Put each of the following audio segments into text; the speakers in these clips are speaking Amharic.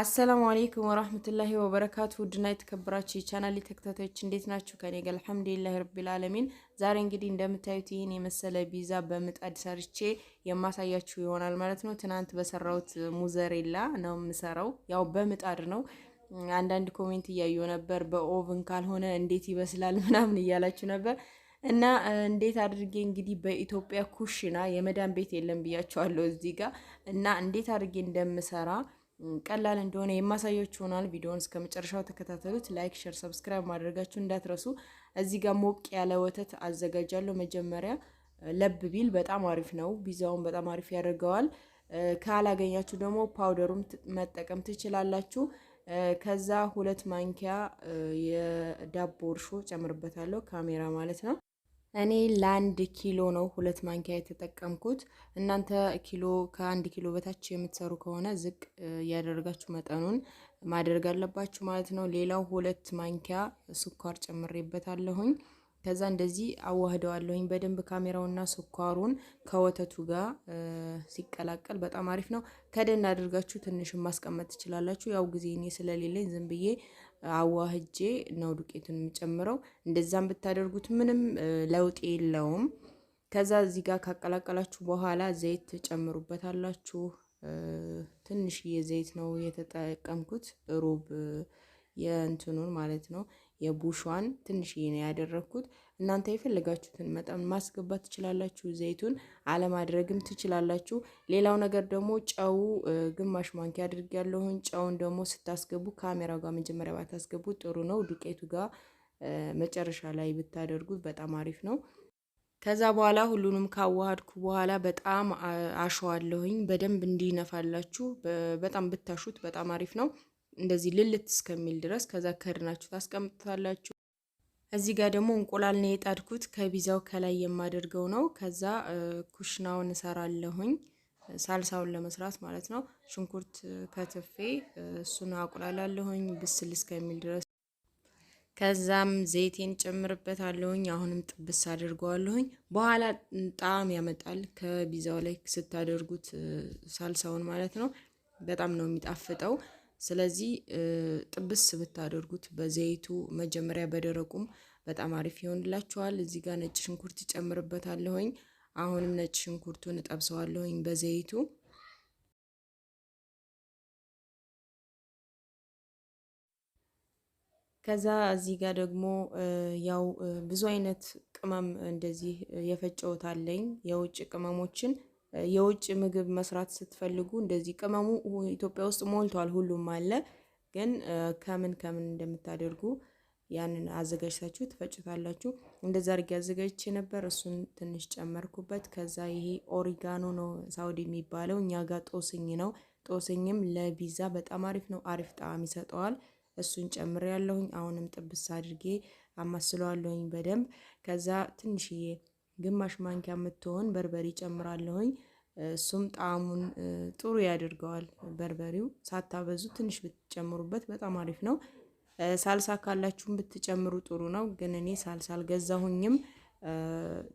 አሰላሙ አሌይኩም ወራህመቱላሂ ወበረካቱ ውድና የተከበራችሁ የቻናሌ ተከታታዮች እንዴት ናችሁ? ከኔ ጋር አልሐምዱሊላሂ ረቢል ዓለሚን። ዛሬ እንግዲህ እንደምታዩት ይህን የመሰለ ቢዛ በምጣድ ሰርቼ የማሳያችሁ ይሆናል ማለት ነው። ትናንት በሰራሁት ሙዘሬላ ነው የምሰራው፣ ያው በምጣድ ነው። አንዳንድ ኮሜንት እያዩ ነበር፣ በኦቭን ካልሆነ እንዴት ይበስላል ምናምን እያላችሁ ነበር እና እንዴት አድርጌ እንግዲህ በኢትዮጵያ ኩሽና የመዳን ቤት የለም ብያቸዋለሁ እዚህ ጋር እና እንዴት አድርጌ እንደምሰራ ቀላል እንደሆነ የማሳያችሁ ይሆናል። ቪዲዮውን እስከ መጨረሻው ተከታተሉት። ላይክ፣ ሸር፣ ሰብስክራይብ ማድረጋችሁ እንዳትረሱ። እዚህ ጋር ሞቅ ያለ ወተት አዘጋጃለሁ። መጀመሪያ ለብ ቢል በጣም አሪፍ ነው። ቢዛውን በጣም አሪፍ ያደርገዋል። ካላገኛችሁ ደግሞ ፓውደሩም መጠቀም ትችላላችሁ። ከዛ ሁለት ማንኪያ የዳቦ እርሾ ጨምርበታለሁ፣ ካሜራ ማለት ነው። እኔ ለአንድ ኪሎ ነው ሁለት ማንኪያ የተጠቀምኩት። እናንተ ኪሎ ከአንድ ኪሎ በታች የምትሰሩ ከሆነ ዝቅ እያደረጋችሁ መጠኑን ማድረግ አለባችሁ ማለት ነው። ሌላው ሁለት ማንኪያ ስኳር ጨምሬበታለሁኝ። ከዛ እንደዚህ አዋህደዋለሁኝ በደንብ ካሜራውና ስኳሩን ከወተቱ ጋር ሲቀላቀል በጣም አሪፍ ነው። ከደን አድርጋችሁ ትንሽን ማስቀመጥ ትችላላችሁ። ያው ጊዜ እኔ ስለሌለኝ ዝም ብዬ አዋህጄ ነው ዱቄቱን የምጨምረው። እንደዛም ብታደርጉት ምንም ለውጥ የለውም። ከዛ እዚህ ጋር ካቀላቀላችሁ በኋላ ዘይት ትጨምሩበታላችሁ። ትንሽዬ ዘይት ነው የተጠቀምኩት ሩብ የእንትኑን ማለት ነው የቡሿን ትንሽዬ ነው ያደረግኩት። እናንተ የፈለጋችሁትን መጠን ማስገባት ትችላላችሁ። ዘይቱን አለማድረግም ትችላላችሁ። ሌላው ነገር ደግሞ ጨው ግማሽ ማንኪያ አድርጌያለሁኝ። ጨውን ደግሞ ስታስገቡ ካሜራው ጋር መጀመሪያ ባታስገቡ ጥሩ ነው። ዱቄቱ ጋር መጨረሻ ላይ ብታደርጉት በጣም አሪፍ ነው። ከዛ በኋላ ሁሉንም ካዋሃድኩ በኋላ በጣም አሸዋለሁኝ። በደንብ እንዲነፋላችሁ በጣም ብታሹት በጣም አሪፍ ነው። እንደዚህ ልልት እስከሚል ድረስ ከዛ ከድናችሁ ታስቀምጡታላችሁ። እዚህ ጋር ደግሞ እንቁላል ነው የጣድኩት። ከቢዛው ከላይ የማደርገው ነው። ከዛ ኩሽናውን እሰራለሁኝ ሳልሳውን ለመስራት ማለት ነው። ሽንኩርት ከትፌ እሱን አቁላላለሁኝ ብስል እስከሚል ድረስ ከዛም ዘይቴን ጨምርበታለሁኝ። አሁንም ጥብስ አድርገዋለሁኝ። በኋላ ጣዕም ያመጣል ከቢዛው ላይ ስታደርጉት ሳልሳውን ማለት ነው። በጣም ነው የሚጣፍጠው። ስለዚህ ጥብስ ብታደርጉት በዘይቱ መጀመሪያ በደረቁም በጣም አሪፍ ይሆንላችኋል። እዚህ ጋር ነጭ ሽንኩርት ይጨምርበታለሁኝ። አሁንም ነጭ ሽንኩርቱን እጠብሰዋለሁኝ በዘይቱ ከዛ እዚህ ጋር ደግሞ ያው ብዙ አይነት ቅመም እንደዚህ የፈጨውታለኝ የውጭ ቅመሞችን የውጭ ምግብ መስራት ስትፈልጉ እንደዚህ ቅመሙ ኢትዮጵያ ውስጥ ሞልቷል፣ ሁሉም አለ። ግን ከምን ከምን እንደምታደርጉ ያንን አዘጋጅታችሁ ትፈጭታላችሁ። እንደዛ አድርጌ አዘጋጅቼ ነበር። እሱን ትንሽ ጨመርኩበት። ከዛ ይሄ ኦሪጋኖ ነው ሳውዲ የሚባለው፣ እኛ ጋር ጦስኝ ነው። ጦስኝም ለቢዛ በጣም አሪፍ ነው፣ አሪፍ ጣዕም ይሰጠዋል። እሱን ጨምሬ ያለሁኝ። አሁንም ጥብስ አድርጌ አማስለዋለሁኝ በደንብ ከዛ ትንሽዬ ግማሽ ማንኪያ የምትሆን በርበሬ ጨምራለሁኝ። እሱም ጣዕሙን ጥሩ ያደርገዋል። በርበሬው ሳታበዙ ትንሽ ብትጨምሩበት በጣም አሪፍ ነው። ሳልሳ ካላችሁም ብትጨምሩ ጥሩ ነው፣ ግን እኔ ሳልሳ አልገዛሁኝም።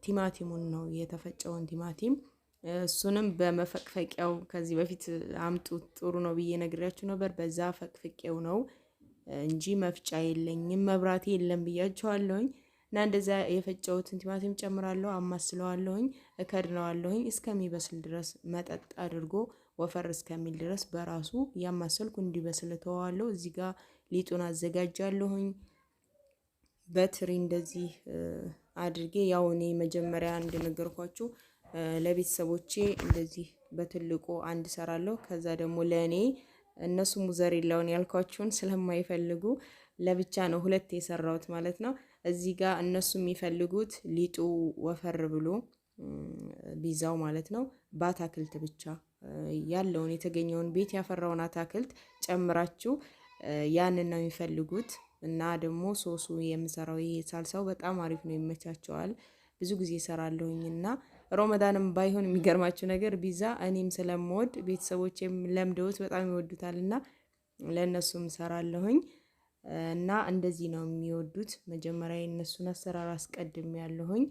ቲማቲሙን ነው የተፈጨውን ቲማቲም እሱንም በመፈቅፈቂያው ከዚህ በፊት አምጡ ጥሩ ነው ብዬ ነግሬያችሁ ነበር። በዛ ፈቅፍቄው ነው እንጂ መፍጫ የለኝም፣ መብራቴ የለም ብያቸዋለሁኝ። እና እንደዚያ የፈጨሁትን ቲማቲም ጨምራለሁ፣ አማስለዋለሁኝ፣ እከድነዋለሁኝ እስከሚበስል ድረስ መጠጥ አድርጎ ወፈር እስከሚል ድረስ በራሱ ያማሰልኩ እንዲበስል ተዋዋለሁ። እዚህ ጋር ሊጡን አዘጋጃለሁኝ በትሪ እንደዚህ አድርጌ ያው እኔ መጀመሪያ እንደነገርኳችሁ ለቤተሰቦቼ እንደዚህ በትልቁ አንድ ሰራለሁ። ከዛ ደግሞ ለእኔ እነሱ ሙዘሬላውን ያልኳችሁን ስለማይፈልጉ ለብቻ ነው ሁለት የሰራሁት ማለት ነው። እዚህ ጋር እነሱ የሚፈልጉት ሊጡ ወፈር ብሎ ቢዛው ማለት ነው በአታክልት ብቻ ያለውን የተገኘውን ቤት ያፈራውን አታክልት ጨምራችሁ ያንን ነው የሚፈልጉት። እና ደግሞ ሶሱ የምሰራው ይሄ ሳልሳው በጣም አሪፍ ነው፣ ይመቻቸዋል። ብዙ ጊዜ እሰራለሁኝ እና ሮመዳንም ባይሆን የሚገርማችሁ ነገር ቢዛ እኔም ስለምወድ ቤተሰቦቼም ለምደውት በጣም ይወዱታል እና ለእነሱም እሰራለሁኝ። እና እንደዚህ ነው የሚወዱት። መጀመሪያ የእነሱን አሰራር አስቀድም ያለሁኝ።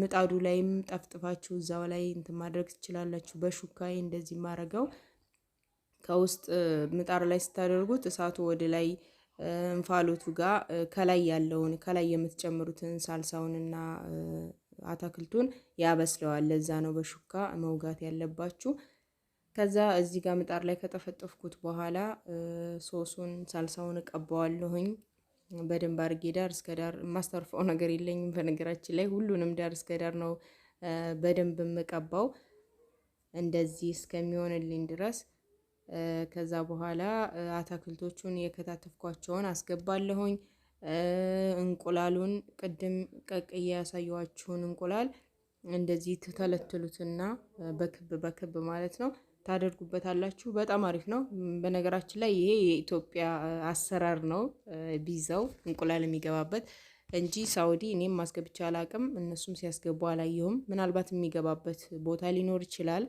ምጣዱ ላይም ጠፍጥፋችሁ እዛው ላይ እንትን ማድረግ ትችላላችሁ። በሹካይ እንደዚህ ማድረገው ከውስጥ ምጣድ ላይ ስታደርጉት እሳቱ ወደ ላይ እንፋሎቱ ጋር ከላይ ያለውን ከላይ የምትጨምሩትን ሳልሳውንና አታክልቱን ያበስለዋል። ለዛ ነው በሹካ መውጋት ያለባችሁ። ከዛ እዚህ ጋር ምጣድ ላይ ከጠፈጠፍኩት በኋላ ሶሱን ሳልሳውን እቀባዋለሁኝ በደንብ አድርጌ ዳር እስከ ዳር የማስተርፈው ነገር የለኝም። በነገራችን ላይ ሁሉንም ዳር እስከ ዳር ነው በደንብ የምቀባው እንደዚህ እስከሚሆንልኝ ድረስ። ከዛ በኋላ አታክልቶቹን የከታተፍኳቸውን አስገባለሁኝ። እንቁላሉን ቅድም ቀቅዬ ያሳየኋችሁን እንቁላል እንደዚህ ትተለትሉትና በክብ በክብ ማለት ነው ታደርጉበታላችሁ። በጣም አሪፍ ነው። በነገራችን ላይ ይሄ የኢትዮጵያ አሰራር ነው፣ ቢዛው እንቁላል የሚገባበት እንጂ ሳውዲ እኔም ማስገብቻ አላቅም፣ እነሱም ሲያስገቡ አላየሁም። ምናልባት የሚገባበት ቦታ ሊኖር ይችላል።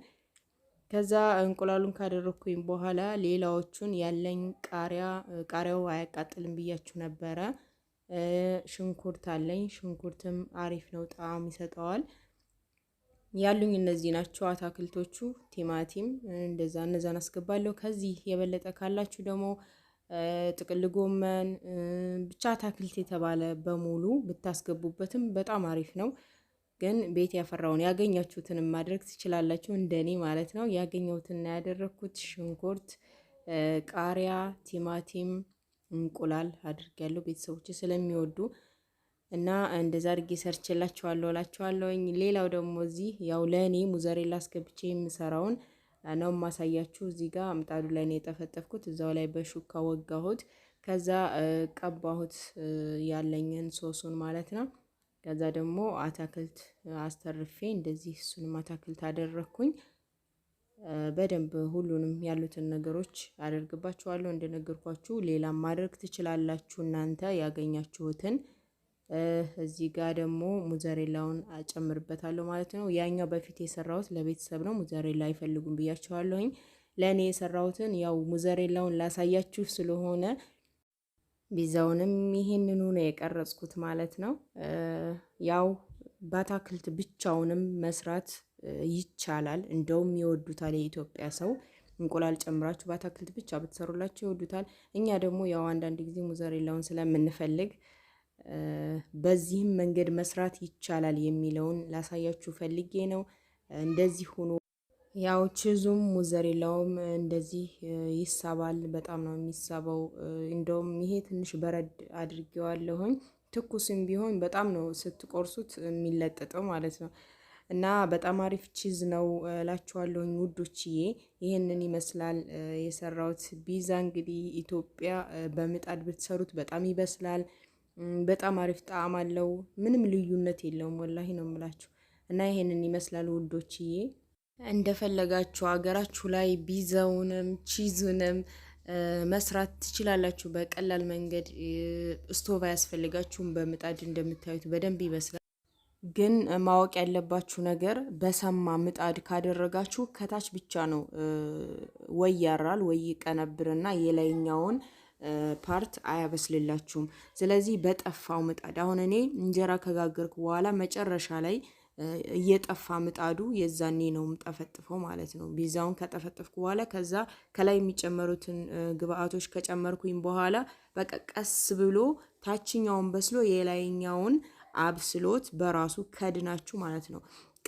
ከዛ እንቁላሉን ካደረግኩኝ በኋላ ሌላዎቹን ያለኝ ቃሪያ ቃሪያው አያቃጥልም ብያችሁ ነበረ። ሽንኩርት አለኝ። ሽንኩርትም አሪፍ ነው፣ ጣዕም ይሰጠዋል። ያሉኝ እነዚህ ናቸው አታክልቶቹ። ቲማቲም እንደዛ እነዛን አስገባለሁ። ከዚህ የበለጠ ካላችሁ ደግሞ ጥቅል ጎመን ብቻ አታክልት የተባለ በሙሉ ብታስገቡበትም በጣም አሪፍ ነው። ግን ቤት ያፈራውን ያገኛችሁትን ማድረግ ትችላላችሁ፣ እንደኔ ማለት ነው። ያገኘሁትና ያደረግኩት ሽንኩርት፣ ቃሪያ፣ ቲማቲም፣ እንቁላል አድርጌያለሁ ቤተሰቦች ስለሚወዱ እና እንደዛ አድርጌ ሰርችላችኋለሁ እላችኋለሁኝ። ሌላው ደግሞ እዚህ ያው ለእኔ ሙዘሬላ አስገብቼ የምሰራውን ነው የማሳያችሁ። እዚህ ጋር ምጣዱ ላይ ነው የጠፈጠፍኩት። እዛው ላይ በሹካ ወጋሁት። ከዛ ቀባሁት ያለኝን ሶሱን ማለት ነው። ከዛ ደግሞ አታክልት አስተርፌ እንደዚህ እሱንም አታክልት አደረግኩኝ። በደንብ ሁሉንም ያሉትን ነገሮች አደርግባችኋለሁ። እንደነገርኳችሁ ሌላም ማድረግ ትችላላችሁ እናንተ ያገኛችሁትን እዚህ ጋር ደግሞ ሙዘሬላውን አጨምርበታለሁ ማለት ነው። ያኛው በፊት የሰራሁት ለቤተሰብ ነው። ሙዘሬላ አይፈልጉም ብያቸዋለሁኝ። ለእኔ የሰራሁትን ያው ሙዘሬላውን ላሳያችሁ ስለሆነ ቢዛውንም ይሄንኑ ነው የቀረጽኩት ማለት ነው። ያው በአታክልት ብቻውንም መስራት ይቻላል። እንደውም ይወዱታል የኢትዮጵያ ሰው እንቁላል ጨምራችሁ በአታክልት ብቻ ብትሰሩላቸው ይወዱታል። እኛ ደግሞ ያው አንዳንድ ጊዜ ሙዘሬላውን ስለምንፈልግ በዚህም መንገድ መስራት ይቻላል የሚለውን ላሳያችሁ ፈልጌ ነው። እንደዚህ ሆኖ ያው ቺዙም ሙዘሬላውም እንደዚህ ይሳባል። በጣም ነው የሚሳባው። እንደውም ይሄ ትንሽ በረድ አድርጌዋለሁኝ። ትኩስም ቢሆን በጣም ነው ስትቆርሱት የሚለጠጠው ማለት ነው። እና በጣም አሪፍ ቺዝ ነው እላችኋለሁኝ ውዶችዬ። ይህንን ይመስላል የሰራሁት ቢዛ እንግዲህ ኢትዮጵያ በምጣድ ብትሰሩት በጣም ይበስላል። በጣም አሪፍ ጣዕም አለው። ምንም ልዩነት የለውም። ወላሂ ነው የምላችሁ እና ይሄንን ይመስላል ውዶችዬ። እንደፈለጋችሁ ሀገራችሁ ላይ ቢዛውንም ቺዝንም መስራት ትችላላችሁ በቀላል መንገድ። ስቶቭ አያስፈልጋችሁም። በምጣድ እንደምታዩት በደንብ ይበስላል። ግን ማወቅ ያለባችሁ ነገር በሰማ ምጣድ ካደረጋችሁ ከታች ብቻ ነው ወይ ያራል ወይ ይቀነብርና የላይኛውን ፓርት አያበስልላችሁም። ስለዚህ በጠፋው ምጣድ አሁን እኔ እንጀራ ከጋገርኩ በኋላ መጨረሻ ላይ እየጠፋ ምጣዱ የዛኔ ነው የምጠፈጥፈው ማለት ነው። ቢዛውን ከጠፈጥፍኩ በኋላ ከዛ ከላይ የሚጨመሩትን ግብአቶች ከጨመርኩኝ በኋላ በቃ ቀስ ብሎ ታችኛውን በስሎ የላይኛውን አብስሎት በራሱ ከድናችሁ ማለት ነው።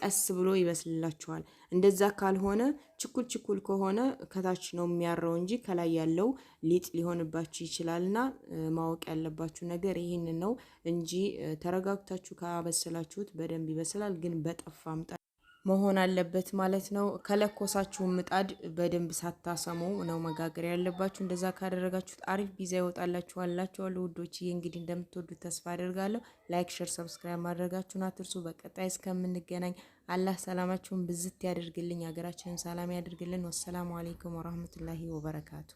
ቀስ ብሎ ይበስልላችኋል። እንደዛ ካልሆነ ችኩል ችኩል ከሆነ ከታች ነው የሚያረው እንጂ ከላይ ያለው ሊጥ ሊሆንባችሁ ይችላልና ማወቅ ያለባችሁ ነገር ይህን ነው እንጂ ተረጋግታችሁ ካበሰላችሁት በደንብ ይበስላል። ግን በጠፋ መሆን አለበት ማለት ነው። ከለኮሳችሁ ምጣድ በደንብ ሳታሰሙ ነው መጋገር ያለባችሁ። እንደዛ ካደረጋችሁት አሪፍ ፒዛ ይወጣላችሁ አላችኋል። ውዶች እንግዲህ እንደምትወዱት ተስፋ አደርጋለሁ። ላይክ፣ ሸር፣ ሰብስክራይብ ማድረጋችሁን አትርሱ። በቀጣይ እስከምንገናኝ አላህ ሰላማችሁን ብዝት ያደርግልኝ፣ ሀገራችንን ሰላም ያደርግልን። ወሰላሙ አሌይኩም ወረህመቱላሂ ወበረካቱ